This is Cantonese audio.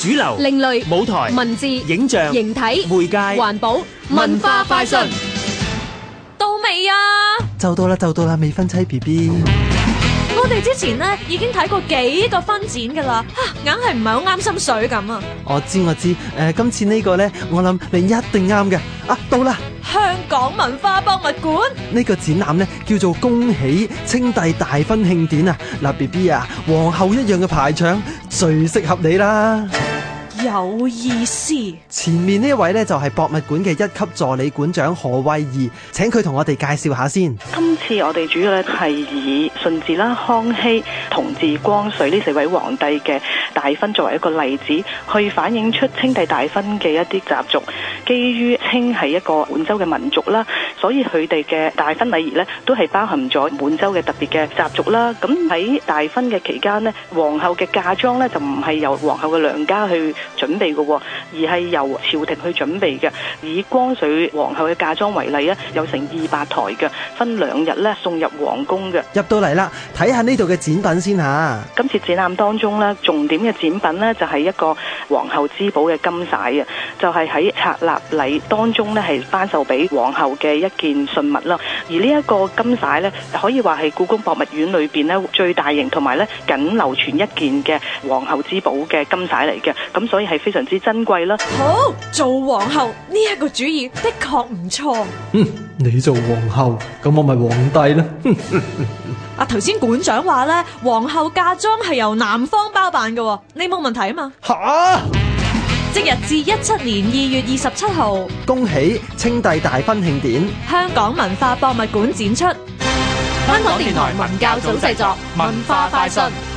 主流、另類、舞台、文字、影像、形體、媒介、環保、文化快訊，到未啊？就到啦，就到啦，未婚妻 B B。我哋之前呢已經睇過幾個分展噶啦，吓硬係唔係好啱心水咁啊！我知我知，誒，今次呢個呢，我諗你一定啱嘅啊！到啦，香港文化博物館呢個展覽呢叫做《恭喜清帝大婚慶典》啊！嗱，B B 啊，皇后一樣嘅排場，最適合你啦！有意思。前面呢位呢就係博物館嘅一級助理館長何慧儀，請佢同我哋介紹下先。今次我哋主要咧係以順治啦、康熙、同治、光緒呢四位皇帝嘅大婚作為一個例子，去反映出清帝大婚嘅一啲習俗。基於清係一個滿洲嘅民族啦，所以佢哋嘅大婚禮儀呢都係包含咗滿洲嘅特別嘅習俗啦。咁喺大婚嘅期間呢，皇后嘅嫁妝呢就唔係由皇后嘅娘家去。準備嘅，而係由朝廷去準備嘅。以光緒皇后嘅嫁妝為例啊，有成二百台嘅，分兩日咧送入皇宮嘅。入到嚟啦，睇下呢度嘅展品先吓。今次展覽當中咧，重點嘅展品咧就係一個皇后之寶嘅金璽啊，就係喺冊立禮當中咧係頒授俾皇后嘅一件信物啦。而呢一個金璽咧，可以話係故宮博物院裏邊咧最大型同埋咧僅流傳一件嘅皇后之寶嘅金璽嚟嘅。咁所以。係非常之珍貴啦！好，做皇后呢一個主意的確唔錯。嗯，你做皇后，咁我咪皇帝啦。阿頭先館長話呢，皇后嫁妝係由男方包辦嘅，你冇問題啊嘛。吓哈，即日至一七年二月二十七號，恭喜清帝大婚慶典，香港文化博物館展出，香港電台文教組製作，文化快訊。